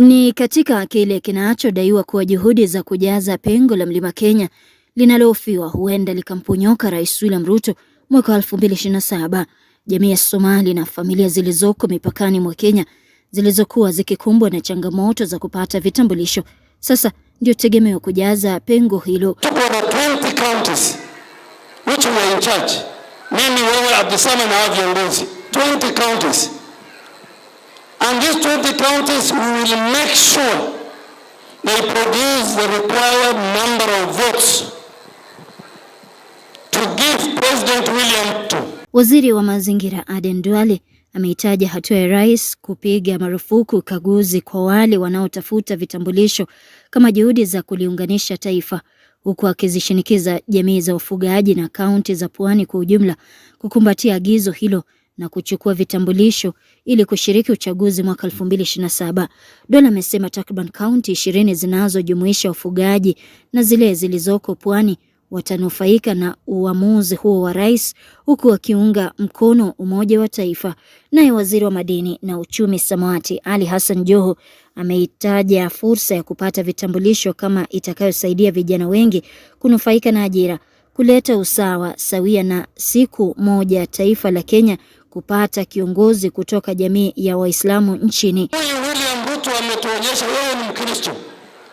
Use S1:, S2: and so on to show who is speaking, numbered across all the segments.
S1: Ni katika kile kinachodaiwa kuwa juhudi za kujaza pengo la Mlima Kenya linalohofiwa huenda likamponyoka Rais William Ruto mwaka 2027. Jamii ya Somali na familia zilizoko mipakani mwa Kenya zilizokuwa zikikumbwa na changamoto za kupata vitambulisho sasa ndio tegemeo kujaza pengo hilo.
S2: Tuko na 20 counties which we are in charge. Mimi, wewe, na viongozi 20 counties these 20 counties, we will make sure they produce the required number of votes to give President William to.
S1: Waziri wa Mazingira Aden Duale ameitaja hatua ya rais kupiga marufuku ukaguzi kwa wale wanaotafuta vitambulisho kama juhudi za kuliunganisha taifa, huku akizishinikiza jamii za ufugaji na kaunti za pwani kwa ujumla kukumbatia agizo hilo na kuchukua vitambulisho ili kushiriki uchaguzi mwaka 2027. Dola amesema takriban kaunti ishirini zinazojumuisha wafugaji na zile zilizoko pwani watanufaika na uamuzi huo wa rais, huku wakiunga mkono umoja wa taifa. Naye waziri wa madini na uchumi samawati Ali Hassan Joho ameitaja fursa ya kupata vitambulisho kama itakayosaidia vijana wengi kunufaika na ajira, kuleta usawa sawia na siku moja taifa la Kenya kupata kiongozi kutoka jamii ya Waislamu nchini.
S2: Huyu William Ruto ametuonyesha yeye ni Mkristo,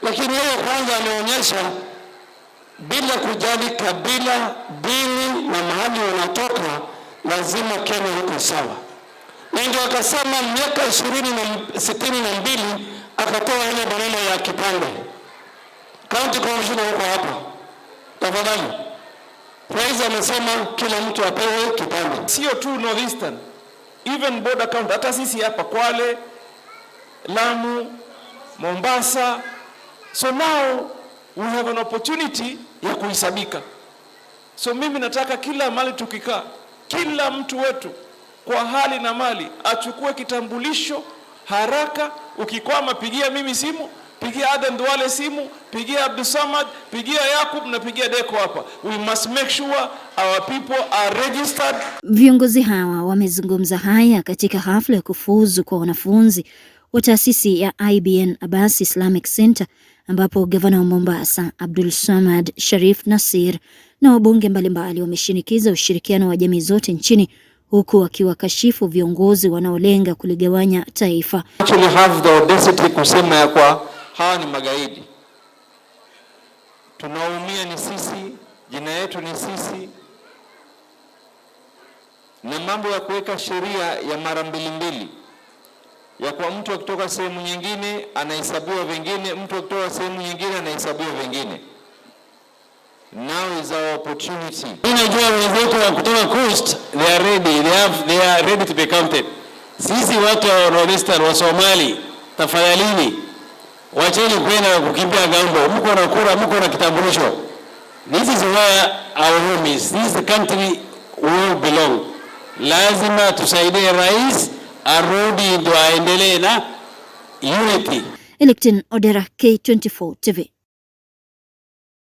S2: lakini yeye kwanza ameonyesha bila kujali kabila, dini na mahali wanatoka, lazima Kenya iko sawa, na ndio akasema miaka ishirini na sitini na mbili akatoa ile maneno ya kipande. County Commissioner huko hapa, tafadhali Rais amesema kila mtu apewe kipande,
S3: sio tu northeastern, even border county. Hata sisi hapa Kwale, Lamu, Mombasa. So now we have an opportunity ya kuhesabika. So mimi nataka kila mali tukikaa, kila mtu wetu kwa hali na mali achukue kitambulisho haraka. Ukikwama, pigia mimi simu pigia Adam Duale simu, pigia Abdul Samad, pigia Yakub na pigia Deko hapa. We must make sure our people are registered.
S1: Viongozi hawa wamezungumza haya katika hafla ya kufuzu kwa wanafunzi wa taasisi ya IBN Abbas Islamic Center ambapo gavana wa Mombasa Abdul Samad Sharif Nasir na wabunge mbalimbali wameshinikiza ushirikiano wa jamii zote nchini huku wakiwakashifu viongozi wanaolenga kuligawanya taifa.
S4: Actually have the audacity kusema ya kwa hawa ni magaidi. Tunaumia ni sisi, jina yetu ni sisi, na mambo ya kuweka sheria ya mara mbili mbili ya kwa mtu akitoka sehemu nyingine anahesabiwa vingine, mtu akitoka sehemu nyingine anahesabiwa vingine. Now is our opportunity.
S5: Unajua wenzetu wa kutoka coast, they are ready, they have, they are ready to be counted. Sisi watu wa Afghanistan wa Somali, tafadhalini wacheni kwenda kukimbia gambo, mko na kura, mko na kitambulisho. This is where our home is. This is the country we belong. Lazima tusaidie rais arudi, ndo aendelee na unity.
S1: Electin Odera, K24 TV.